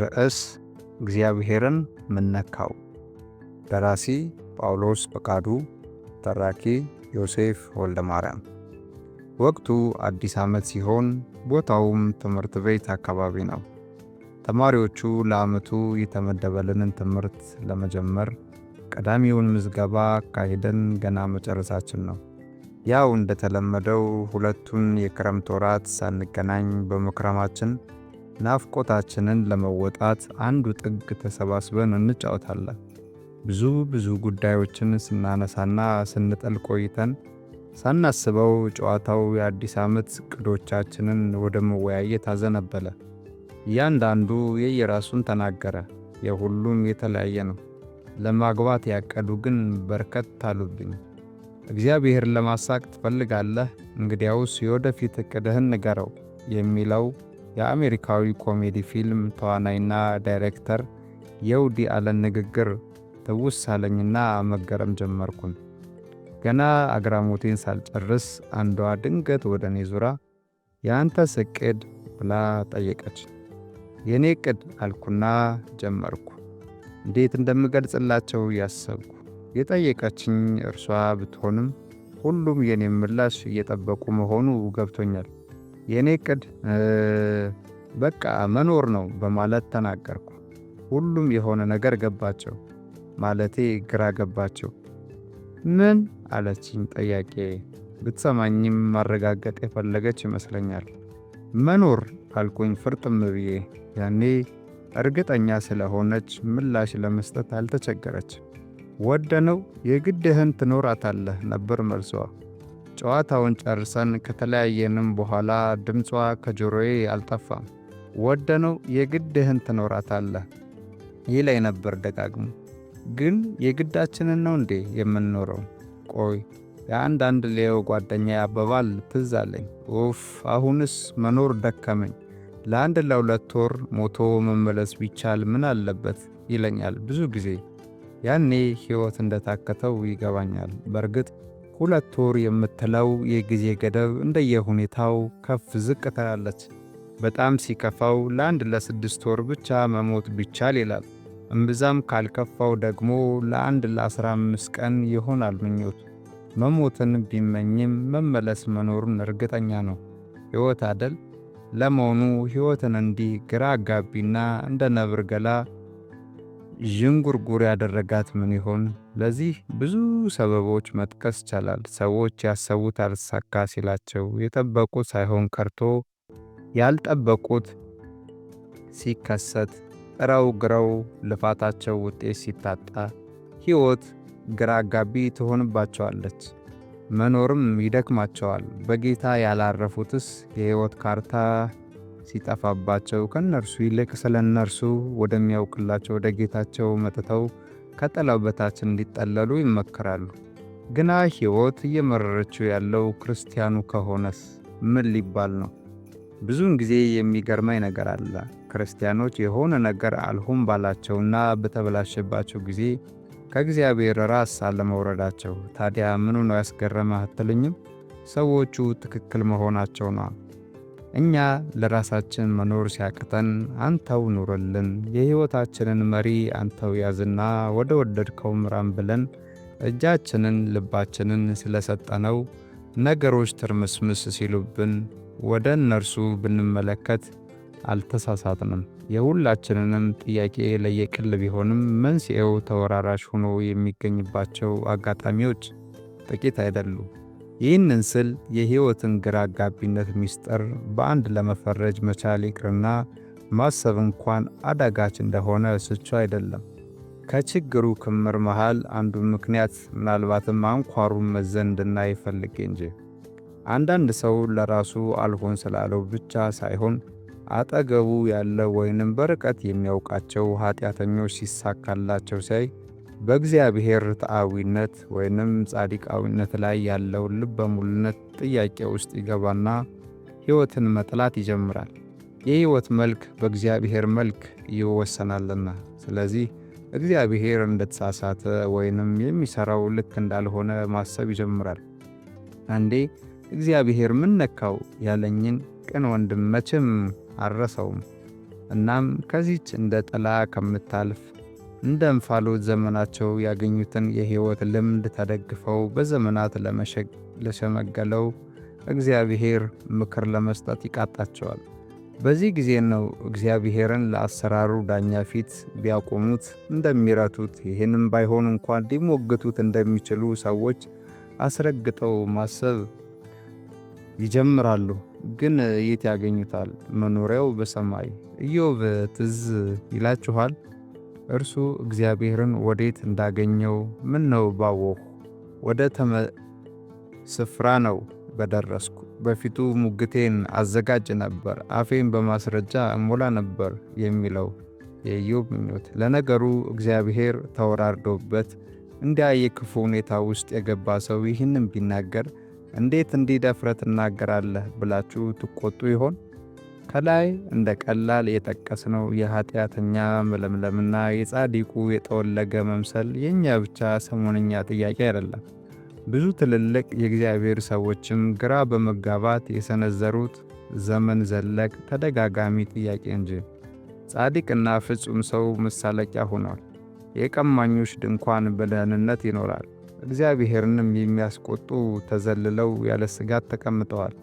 ርዕስ እግዚአብሔርን ምነካው ደራሲ ጳውሎስ ፈቃዱ ተራኪ ዮሴፍ ወልደ ማርያም ወቅቱ አዲስ ዓመት ሲሆን ቦታውም ትምህርት ቤት አካባቢ ነው። ተማሪዎቹ ለዓመቱ የተመደበልንን ትምህርት ለመጀመር ቀዳሚውን ምዝገባ አካሄደን ገና መጨረሳችን ነው። ያው እንደተለመደው ሁለቱን የክረምት ወራት ሳንገናኝ በመክረማችን ናፍቆታችንን ለመወጣት አንዱ ጥግ ተሰባስበን እንጫወታለን። ብዙ ብዙ ጉዳዮችን ስናነሳና ስንጠል ቆይተን ሳናስበው ጨዋታው የአዲስ ዓመት ዕቅዶቻችንን ወደ መወያየት አዘነበለ። እያንዳንዱ የየራሱን ተናገረ። የሁሉም የተለያየ ነው። ለማግባት ያቀዱ ግን በርከት አሉብኝ። እግዚአብሔርን ለማሳቅ ትፈልጋለህ? እንግዲያውስ የወደፊት ዕቅድህን ንገረው የሚለው የአሜሪካዊ ኮሜዲ ፊልም ተዋናይና ዳይሬክተር የውዲ አለን ንግግር ትውስ አለኝና መገረም ጀመርኩን። ገና አግራሞቴን ሳልጨርስ አንዷ ድንገት ወደ እኔ ዙራ የአንተ ስቅድ ብላ ጠየቀች። የእኔ ቅድ አልኩና ጀመርኩ እንዴት እንደምገልጽላቸው እያሰብኩ። የጠየቀችኝ እርሷ ብትሆንም ሁሉም የኔም ምላሽ እየጠበቁ መሆኑ ገብቶኛል። የእኔ ቅድ በቃ መኖር ነው በማለት ተናገርኩ። ሁሉም የሆነ ነገር ገባቸው፣ ማለቴ ግራ ገባቸው። ምን አለችኝ ጠያቄ ብትሰማኝም ማረጋገጥ የፈለገች ይመስለኛል። መኖር አልኩኝ ፍርጥም ብዬ። ያኔ እርግጠኛ ስለሆነች ምላሽ ለመስጠት አልተቸገረች። ወደነው የግድህን ትኖራታለህ ነበር መልሷ። ጨዋታውን ጨርሰን ከተለያየንም በኋላ ድምጿ ከጆሮዬ አልጠፋም። ወደነው የግድህን ትኖራታለህ ይለኝ ነበር ደጋግሞ። ግን የግዳችንን ነው እንዴ የምንኖረው? ቆይ የአንዳንድ ሌው ጓደኛ ያበባል ትዝ አለኝ። ኡፍ አሁንስ መኖር ደከመኝ። ለአንድ ለሁለት ወር ሞቶ መመለስ ቢቻል ምን አለበት ይለኛል ብዙ ጊዜ። ያኔ ሕይወት እንደታከተው ይገባኛል። በርግጥ ሁለት ወር የምትለው የጊዜ ገደብ እንደየሁኔታው ከፍ ዝቅ ትላለች። በጣም ሲከፋው ለአንድ ለስድስት ወር ብቻ መሞት ቢቻል ይላል። እምብዛም ካልከፋው ደግሞ ለአንድ ለአስራ አምስት ቀን ይሆናል ምኞቱ። መሞትን ቢመኝም መመለስ መኖሩን እርግጠኛ ነው። ሕይወት አደል? ለመሆኑ ሕይወትን እንዲህ ግራ አጋቢና እንደ ነብር ገላ ዥንጉርጉር ያደረጋት ምን ይሆን? ለዚህ ብዙ ሰበቦች መጥቀስ ይቻላል። ሰዎች ያሰቡት አልሳካ ሲላቸው፣ የጠበቁት ሳይሆን ቀርቶ ያልጠበቁት ሲከሰት፣ ጥረው ግረው ልፋታቸው ውጤት ሲታጣ፣ ሕይወት ግራ አጋቢ ትሆንባቸዋለች። መኖርም ይደክማቸዋል። በጌታ ያላረፉትስ የሕይወት ካርታ ሲጠፋባቸው ከእነርሱ ይልቅ ስለ እነርሱ ወደሚያውቅላቸው ወደ ጌታቸው መጥተው ከጥላው በታች እንዲጠለሉ ይመከራሉ። ግና ሕይወት እየመረረችው ያለው ክርስቲያኑ ከሆነስ ምን ሊባል ነው? ብዙውን ጊዜ የሚገርመኝ ነገር አለ። ክርስቲያኖች የሆነ ነገር አልሁም ባላቸውና በተበላሸባቸው ጊዜ ከእግዚአብሔር ራስ አለመውረዳቸው ታዲያ ምኑ ነው ያስገረመ አትልኝም? ሰዎቹ ትክክል መሆናቸው ነው? እኛ ለራሳችን መኖር ሲያቅተን አንተው ኑርልን፣ የሕይወታችንን መሪ አንተው ያዝና ወደ ወደድከው ምራን ብለን እጃችንን ልባችንን ስለሰጠነው ነገሮች ትርምስምስ ሲሉብን ወደ እነርሱ ብንመለከት አልተሳሳትንም። የሁላችንንም ጥያቄ ለየቅል ቢሆንም መንስኤው ተወራራሽ ሆኖ የሚገኝባቸው አጋጣሚዎች ጥቂት አይደሉም። ይህንን ስል የሕይወትን ግራ አጋቢነት ምስጢር በአንድ ለመፈረጅ መቻል ይቅርና ማሰብ እንኳን አዳጋች እንደሆነ ስቹ አይደለም። ከችግሩ ክምር መሃል አንዱ ምክንያት ምናልባትም አንኳሩን መዘን እንድናይ ይፈልግ እንጂ አንዳንድ ሰው ለራሱ አልሆን ስላለው ብቻ ሳይሆን አጠገቡ ያለ ወይንም በርቀት የሚያውቃቸው ኃጢአተኞች ሲሳካላቸው ሲያይ በእግዚአብሔር ርትዓዊነት ወይንም ጻድቃዊነት ላይ ያለውን ልበ ሙሉነት ጥያቄ ውስጥ ይገባና ሕይወትን መጥላት ይጀምራል። የሕይወት መልክ በእግዚአብሔር መልክ ይወሰናልና። ስለዚህ እግዚአብሔር እንደተሳሳተ ወይንም የሚሠራው ልክ እንዳልሆነ ማሰብ ይጀምራል። አንዴ እግዚአብሔር ምን ነካው ያለኝን ቅን ወንድም መቼም አልረሳውም። እናም ከዚች እንደ ጥላ ከምታልፍ እንደ እንፋሎት ዘመናቸው ያገኙትን የሕይወት ልምድ ተደግፈው በዘመናት ለሸመገለው እግዚአብሔር ምክር ለመስጠት ይቃጣቸዋል። በዚህ ጊዜ ነው እግዚአብሔርን ለአሰራሩ ዳኛ ፊት ቢያቆሙት እንደሚረቱት ይህንም ባይሆን እንኳን ሊሞግቱት እንደሚችሉ ሰዎች አስረግጠው ማሰብ ይጀምራሉ። ግን የት ያገኙታል? መኖሪያው በሰማይ። ኢዮብ ትዝ ይላችኋል። እርሱ እግዚአብሔርን ወዴት እንዳገኘው ምን ነው ባወኩ፣ ወደ ተመ ስፍራ ነው በደረስኩ። በፊቱ ሙግቴን አዘጋጅ ነበር፣ አፌን በማስረጃ እሞላ ነበር የሚለው የኢዮብ ምኞት። ለነገሩ እግዚአብሔር ተወራርዶበት እንዲያ የክፉ ሁኔታ ውስጥ የገባ ሰው ይህንም ቢናገር እንዴት እንዲህ ደፍረት ብላችሁ ትቆጡ ይሆን? ከላይ እንደ ቀላል የጠቀስነው የኃጢአተኛ መለምለምና የጻድቁ የተወለገ መምሰል የእኛ ብቻ ሰሞንኛ ጥያቄ አይደለም። ብዙ ትልልቅ የእግዚአብሔር ሰዎችም ግራ በመጋባት የሰነዘሩት ዘመን ዘለቅ ተደጋጋሚ ጥያቄ እንጂ ጻድቅና ፍጹም ሰው መሳለቂያ ሆኗል። የቀማኞች ድንኳን በደህንነት ይኖራል። እግዚአብሔርንም የሚያስቆጡ ተዘልለው ያለ ስጋት ተቀምጠዋል።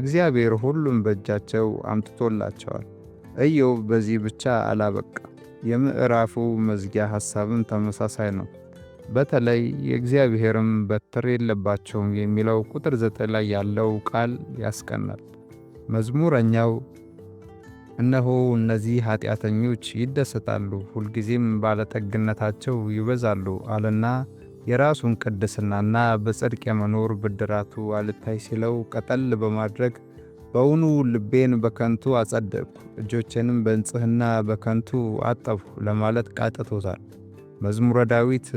እግዚአብሔር ሁሉም በእጃቸው አምጥቶላቸዋል። ኢዮብ በዚህ ብቻ አላበቃ። የምዕራፉ መዝጊያ ሐሳብም ተመሳሳይ ነው። በተለይ የእግዚአብሔርም በትር የለባቸውም የሚለው ቁጥር ዘጠኝ ላይ ያለው ቃል ያስቀናል። መዝሙረኛው እነሆ እነዚህ ኃጢአተኞች ይደሰታሉ፣ ሁልጊዜም ባለጠግነታቸው ይበዛሉ አለና የራሱን ቅድስናና በጽድቅ የመኖር ብድራቱ አልታይ ሲለው ቀጠል በማድረግ በውኑ ልቤን በከንቱ አጸደቅኩ እጆቼንም በንጽህና በከንቱ አጠብኩ ለማለት ቃጥቶታል። መዝሙረ ዳዊት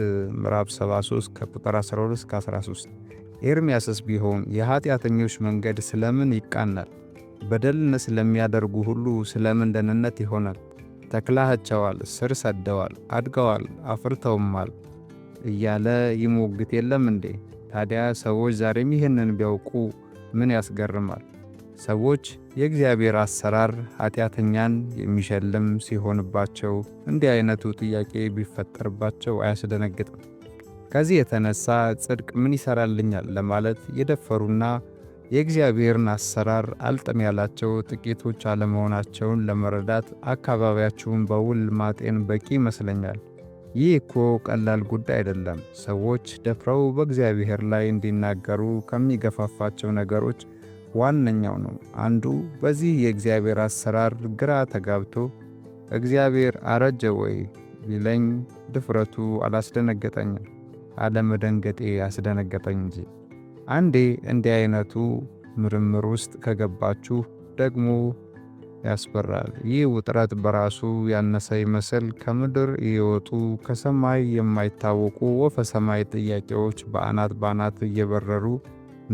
ምዕራፍ 73 ከቁጥር 12 13። ኤርምያስስ ቢሆን የኀጢአተኞች መንገድ ስለምን ይቃናል? በደልን ስለሚያደርጉ ሁሉ ስለምን ደህንነት ይሆናል? ተክላህቸዋል፣ ስር ሰደዋል፣ አድገዋል፣ አፍርተውማል እያለ ይሞግት የለም እንዴ? ታዲያ ሰዎች ዛሬም ይህንን ቢያውቁ ምን ያስገርማል? ሰዎች የእግዚአብሔር አሰራር ኃጢአተኛን የሚሸልም ሲሆንባቸው እንዲህ አይነቱ ጥያቄ ቢፈጠርባቸው አያስደነግጥም። ከዚህ የተነሳ ጽድቅ ምን ይሠራልኛል ለማለት የደፈሩና የእግዚአብሔርን አሰራር አልጥም ያላቸው ጥቂቶች አለመሆናቸውን ለመረዳት አካባቢያችሁን በውል ማጤን በቂ ይመስለኛል። ይህ እኮ ቀላል ጉዳይ አይደለም። ሰዎች ደፍረው በእግዚአብሔር ላይ እንዲናገሩ ከሚገፋፋቸው ነገሮች ዋነኛው ነው። አንዱ በዚህ የእግዚአብሔር አሰራር ግራ ተጋብቶ እግዚአብሔር አረጀ ወይ ቢለኝ ድፍረቱ አላስደነገጠኝም፣ አለመደንገጤ አስደነገጠኝ እንጂ። አንዴ እንዲህ አይነቱ ምርምር ውስጥ ከገባችሁ ደግሞ ያስፈራል። ይህ ውጥረት በራሱ ያነሰ ይመስል ከምድር የወጡ ከሰማይ የማይታወቁ ወፈ ሰማይ ጥያቄዎች በአናት በአናት እየበረሩ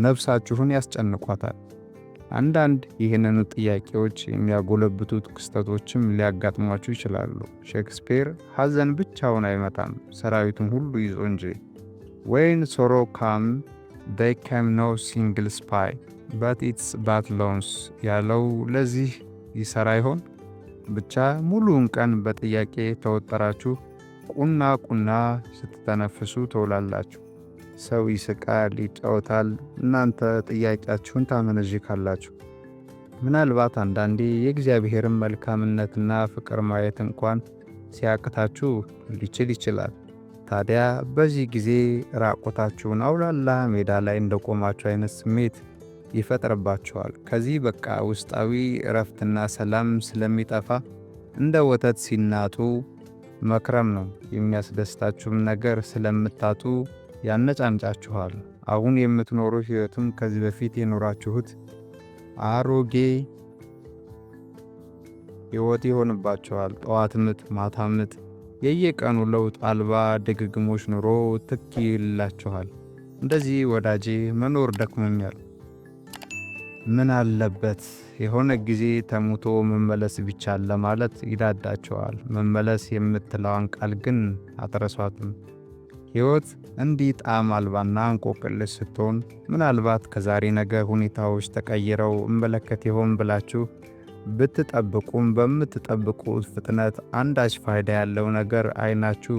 ነፍሳችሁን ያስጨንቋታል። አንዳንድ ይህንን ጥያቄዎች የሚያጎለብቱት ክስተቶችም ሊያጋጥሟችሁ ይችላሉ። ሼክስፒር ሐዘን ብቻውን አይመጣም ሰራዊቱን ሁሉ ይዞ እንጂ። ወይን ሶሮ ካም ዴይ ካም ኖ ሲንግል ስፓይ በት ኢትስ ባት ሎንስ ያለው ለዚህ ይሰራ ይሆን? ብቻ ሙሉውን ቀን በጥያቄ ተወጠራችሁ። ቁና ቁና ስትተነፍሱ ትውላላችሁ። ሰው ይስቃል፣ ይጫወታል። እናንተ ጥያቄያችሁን ካላችሁ! ምናልባት አንዳንዴ የእግዚአብሔርን መልካምነትና ፍቅር ማየት እንኳን ሲያቅታችሁ ሊችል ይችላል። ታዲያ በዚህ ጊዜ ራቆታችሁን አውላላ ሜዳ ላይ እንደቆማችሁ አይነት ስሜት ይፈጥርባቸዋል። ከዚህ በቃ ውስጣዊ እረፍትና ሰላም ስለሚጠፋ እንደ ወተት ሲናጡ መክረም ነው። የሚያስደስታችሁም ነገር ስለምታጡ ያነጫንጫችኋል። አሁን የምትኖሩ ህይወትም ከዚህ በፊት የኖራችሁት አሮጌ ህይወት ይሆንባቸዋል። ጠዋት ምጥ፣ ማታ ምጥ፣ የየቀኑ ለውጥ አልባ ድግግሞች ኑሮ ትክ ይላችኋል። እንደዚህ ወዳጄ መኖር ደክመኛል። ምን አለበት የሆነ ጊዜ ተሙቶ መመለስ ቢቻል ለማለት ይዳዳቸዋል። መመለስ የምትለዋን ቃል ግን አትረሷትም። ሕይወት እንዲህ ጣዕም አልባና እንቆቅልሽ ስትሆን ምናልባት ከዛሬ ነገ ሁኔታዎች ተቀይረው እመለከት ይሆን ብላችሁ ብትጠብቁም በምትጠብቁት ፍጥነት አንዳች ፋይዳ ያለው ነገር አይናችሁ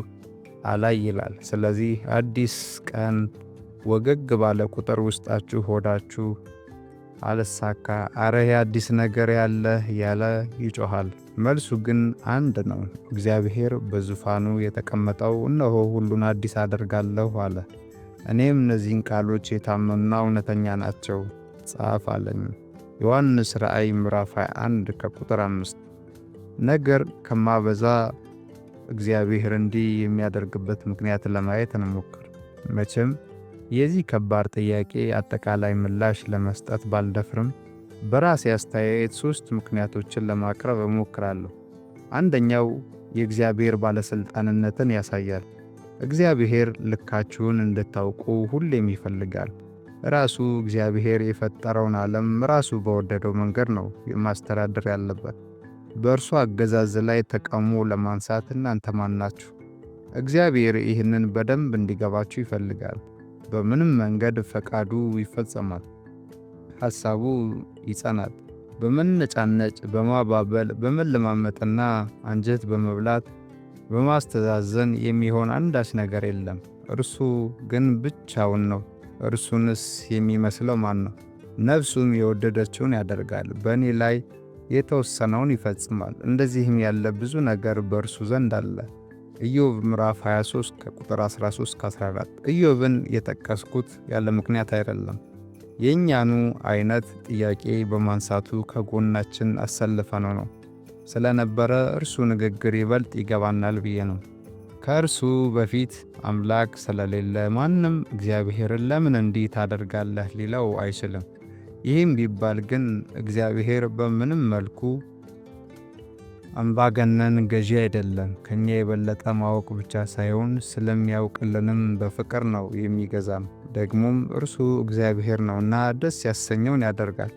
አላይ ይላል። ስለዚህ አዲስ ቀን ወገግ ባለ ቁጥር ውስጣችሁ ሆዳችሁ አልሳካ፣ አረህ አዲስ ነገር ያለ ያለ ይጮኻል። መልሱ ግን አንድ ነው። እግዚአብሔር በዙፋኑ የተቀመጠው እነሆ ሁሉን አዲስ አደርጋለሁ አለ። እኔም እነዚህን ቃሎች የታመኑና እውነተኛ ናቸው ጻፍ አለኝ። ዮሐንስ ራእይ ምዕራፍ 21 ከቁጥር 5። ነገር ከማበዛ እግዚአብሔር እንዲህ የሚያደርግበት ምክንያት ለማየት እንሞክር። መቼም የዚህ ከባድ ጥያቄ አጠቃላይ ምላሽ ለመስጠት ባልደፍርም በራሴ አስተያየት ሦስት ምክንያቶችን ለማቅረብ እሞክራለሁ። አንደኛው የእግዚአብሔር ባለሥልጣንነትን ያሳያል። እግዚአብሔር ልካችሁን እንድታውቁ ሁሌም ይፈልጋል። ራሱ እግዚአብሔር የፈጠረውን ዓለም ራሱ በወደደው መንገድ ነው የማስተዳደር ያለበት። በእርሱ አገዛዝ ላይ ተቃውሞ ለማንሳት እናንተ ማናችሁ! እግዚአብሔር ይህንን በደንብ እንዲገባችሁ ይፈልጋል። በምንም መንገድ ፈቃዱ ይፈጸማል፣ ሐሳቡ ይጸናል። በመነጫነጭ በማባበል በመለማመጥና አንጀት በመብላት በማስተዛዘን የሚሆን አንዳች ነገር የለም። እርሱ ግን ብቻውን ነው። እርሱንስ የሚመስለው ማን ነው? ነፍሱም የወደደችውን ያደርጋል፣ በእኔ ላይ የተወሰነውን ይፈጽማል። እንደዚህም ያለ ብዙ ነገር በእርሱ ዘንድ አለ። ኢዮብ ምዕራፍ 23 ከቁጥር 13 14። ኢዮብን የጠቀስኩት ያለ ምክንያት አይደለም። የእኛኑ አይነት ጥያቄ በማንሳቱ ከጎናችን አሰልፈነው ነው ስለነበረ እርሱ ንግግር ይበልጥ ይገባናል ብዬ ነው። ከእርሱ በፊት አምላክ ስለሌለ ማንም እግዚአብሔርን ለምን እንዲህ ታደርጋለህ ሊለው አይችልም። ይህም ቢባል ግን እግዚአብሔር በምንም መልኩ አምባገነን ገዢ አይደለም። ከኛ የበለጠ ማወቅ ብቻ ሳይሆን ስለሚያውቅልንም በፍቅር ነው የሚገዛም። ደግሞም እርሱ እግዚአብሔር ነውና ደስ ያሰኘውን ያደርጋል።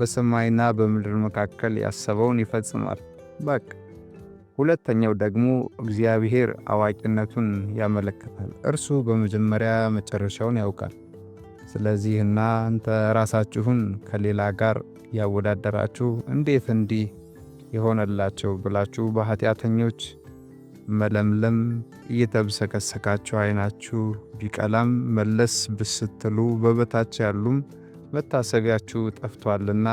በሰማይና በምድር መካከል ያሰበውን ይፈጽማል። በቅ ሁለተኛው ደግሞ እግዚአብሔር አዋቂነቱን ያመለክታል። እርሱ በመጀመሪያ መጨረሻውን ያውቃል። ስለዚህ እናንተ ራሳችሁን ከሌላ ጋር ያወዳደራችሁ እንዴት እንዲህ ይሆነላቸው ብላችሁ በኃጢአተኞች መለምለም እየተብሰከሰካችሁ አይናችሁ ቢቀላም መለስ ብስትሉ በበታች ያሉም መታሰቢያችሁ ጠፍቷልና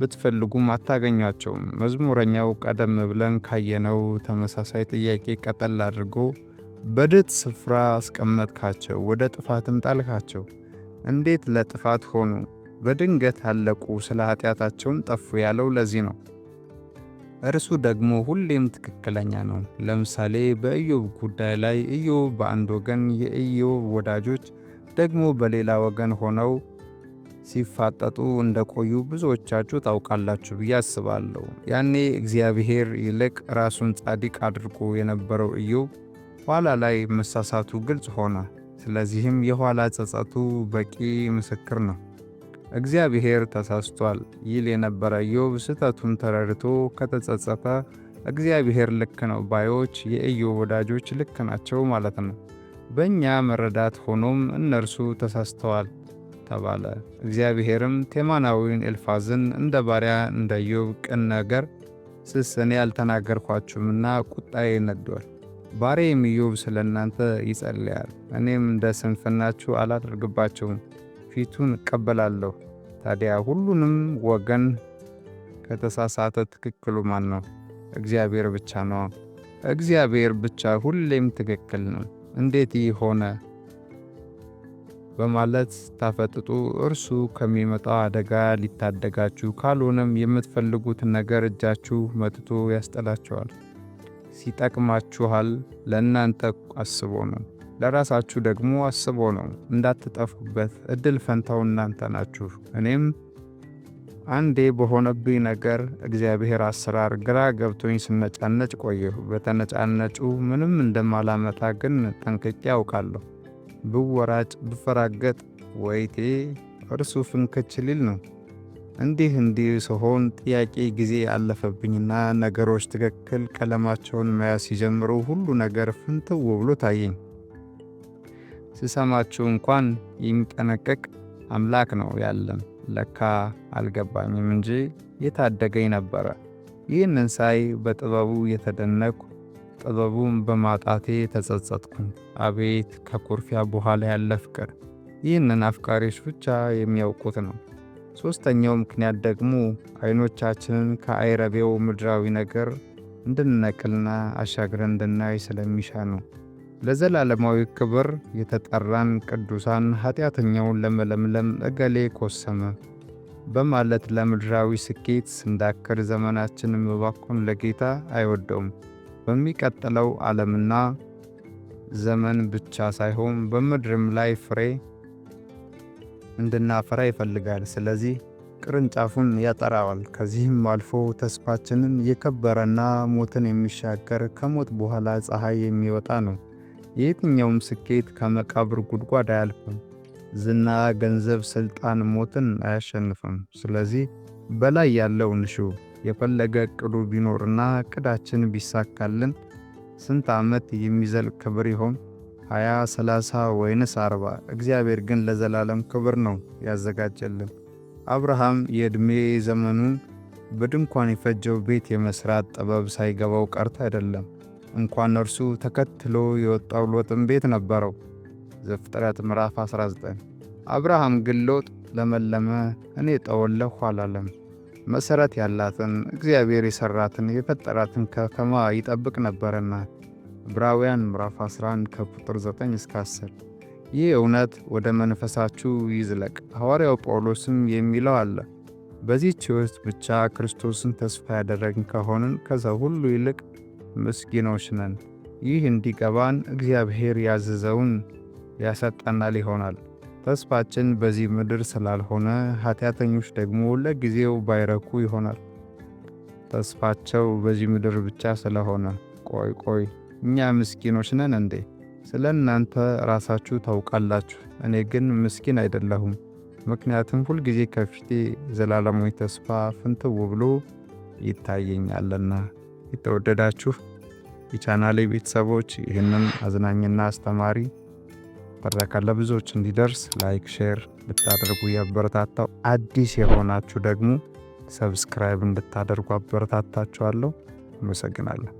ብትፈልጉም አታገኟቸውም። መዝሙረኛው ቀደም ብለን ካየነው ተመሳሳይ ጥያቄ ቀጠል አድርጎ በድጥ ስፍራ አስቀመጥካቸው፣ ወደ ጥፋትም ጣልካቸው። እንዴት ለጥፋት ሆኑ? በድንገት አለቁ፣ ስለ ኃጢአታቸውም ጠፉ ያለው ለዚህ ነው። እርሱ ደግሞ ሁሌም ትክክለኛ ነው። ለምሳሌ በኢዮብ ጉዳይ ላይ ኢዮብ በአንድ ወገን፣ የኢዮብ ወዳጆች ደግሞ በሌላ ወገን ሆነው ሲፋጠጡ እንደቆዩ ብዙዎቻችሁ ታውቃላችሁ ብዬ አስባለሁ። ያኔ እግዚአብሔር ይልቅ ራሱን ጻድቅ አድርጎ የነበረው ኢዮብ ኋላ ላይ መሳሳቱ ግልጽ ሆነ። ስለዚህም የኋላ ጸጸቱ በቂ ምስክር ነው። እግዚአብሔር ተሳስቷል ይል የነበረ ኢዮብ ስህተቱን ተረድቶ ከተጸጸተ እግዚአብሔር ልክ ነው ባዮች የኢዮብ ወዳጆች ልክ ናቸው ማለት ነው። በእኛ መረዳት ሆኖም እነርሱ ተሳስተዋል ተባለ። እግዚአብሔርም ቴማናዊውን ኤልፋዝን እንደ ባሪያ እንደ ኢዮብ ቅን ነገር ስስኔ አልተናገርኳችሁምና ቁጣዬ ነዷል። ባሬም ኢዮብ ስለ እናንተ ይጸልያል፣ እኔም እንደ ስንፍናችሁ አላደርግባቸውም ፊቱን እቀበላለሁ። ታዲያ ሁሉንም ወገን ከተሳሳተ ትክክሉ ማን ነው? እግዚአብሔር ብቻ ነው። እግዚአብሔር ብቻ ሁሌም ትክክል ነው። እንዴት ይህ ሆነ በማለት ስታፈጥጡ እርሱ ከሚመጣው አደጋ ሊታደጋችሁ፣ ካልሆነም የምትፈልጉት ነገር እጃችሁ መጥቶ ያስጠላችኋል። ሲጠቅማችኋል ለእናንተ አስቦ ነው። ለራሳችሁ ደግሞ አስቦ ነው እንዳትጠፉበት። እድል ፈንታው እናንተ ናችሁ። እኔም አንዴ በሆነብኝ ነገር እግዚአብሔር አሰራር ግራ ገብቶኝ ስነጫነጭ ቆየሁ። በተነጫነጩ ምንም እንደማላመጣ ግን ጠንቅቄ ያውቃለሁ! ብወራጭ ብፈራገጥ ወይቴ እርሱ ፍንክች ሊል ነው። እንዲህ እንዲህ ስሆን ጥያቄ ጊዜ አለፈብኝና ነገሮች ትክክል ቀለማቸውን መያዝ ሲጀምሩ ሁሉ ነገር ፍንትው ብሎ ታየኝ። ስሰማችሁ እንኳን የሚጠነቀቅ አምላክ ነው ያለን ለካ አልገባኝም እንጂ የታደገኝ ነበረ። ይህንን ሳይ በጥበቡ የተደነቅኩ ጥበቡን በማጣቴ ተጸጸጥኩ። አቤት ከኩርፊያ በኋላ ያለ ፍቅር! ይህንን አፍቃሪዎች ብቻ የሚያውቁት ነው። ሦስተኛው ምክንያት ደግሞ አይኖቻችንን ከአይረቤው ምድራዊ ነገር እንድንነቅልና አሻግረን እንድናይ ስለሚሻ ነው። ለዘላለማዊ ክብር የተጠራን ቅዱሳን ኃጢአተኛውን ለመለምለም እገሌ ኮሰመ በማለት ለምድራዊ ስኬት ስንዳክር ዘመናችን መባኮን ለጌታ አይወደውም። በሚቀጥለው ዓለምና ዘመን ብቻ ሳይሆን በምድርም ላይ ፍሬ እንድናፈራ ይፈልጋል። ስለዚህ ቅርንጫፉን ያጠራዋል። ከዚህም አልፎ ተስፋችንን የከበረና ሞትን የሚሻገር ከሞት በኋላ ፀሐይ የሚወጣ ነው። የየትኛውም ስኬት ከመቃብር ጉድጓድ አያልፍም። ዝና፣ ገንዘብ፣ ስልጣን ሞትን አያሸንፍም። ስለዚህ በላይ ያለው ንሹ። የፈለገ እቅዱ ቢኖርና ቅዳችን ቢሳካልን ስንት ዓመት የሚዘልቅ ክብር ይሆን? ሀያ ሰላሳ ወይንስ አርባ እግዚአብሔር ግን ለዘላለም ክብር ነው ያዘጋጀልን። አብርሃም የዕድሜ ዘመኑን በድንኳን የፈጀው ቤት የመሥራት ጥበብ ሳይገባው ቀርቶ አይደለም። እንኳን እርሱ ተከትሎ የወጣው ሎጥም ቤት ነበረው። ዘፍጥረት ምዕራፍ 19 አብርሃም ግን ሎጥ ለመለመ፣ እኔ ጠወለሁ አላለም። መሠረት ያላትን እግዚአብሔር የሠራትን የፈጠራትን ከተማ ይጠብቅ ነበርና። ዕብራውያን ምዕራፍ 11 ከቁጥር 9 እስከ 10። ይህ እውነት ወደ መንፈሳችሁ ይዝለቅ። ሐዋርያው ጳውሎስም የሚለው አለ በዚህች ውስጥ ብቻ ክርስቶስን ተስፋ ያደረግን ከሆንን ከሰው ሁሉ ይልቅ ምስጊኖች ነን። ይህ እንዲገባን እግዚአብሔር ያዘዘውን ያሰጠናል ይሆናል። ተስፋችን በዚህ ምድር ስላልሆነ ኃጢአተኞች ደግሞ ለጊዜው ባይረኩ ይሆናል። ተስፋቸው በዚህ ምድር ብቻ ስለሆነ ቆይ ቆይ እኛ ምስኪኖች ነን እንዴ? ስለ እናንተ ራሳችሁ ታውቃላችሁ። እኔ ግን ምስኪን አይደለሁም፣ ምክንያቱም ሁልጊዜ ከፊቴ ዘላለማዊ ተስፋ ፍንትው ብሎ ይታየኛልና። የተወደዳችሁ የቻናሌ ቤተሰቦች ይህንን አዝናኝና አስተማሪ ትረካ ለብዙዎች እንዲደርስ ላይክ፣ ሼር ብታደርጉ ያበረታታው። አዲስ የሆናችሁ ደግሞ ሰብስክራይብ እንድታደርጉ አበረታታችኋለሁ። አመሰግናለሁ።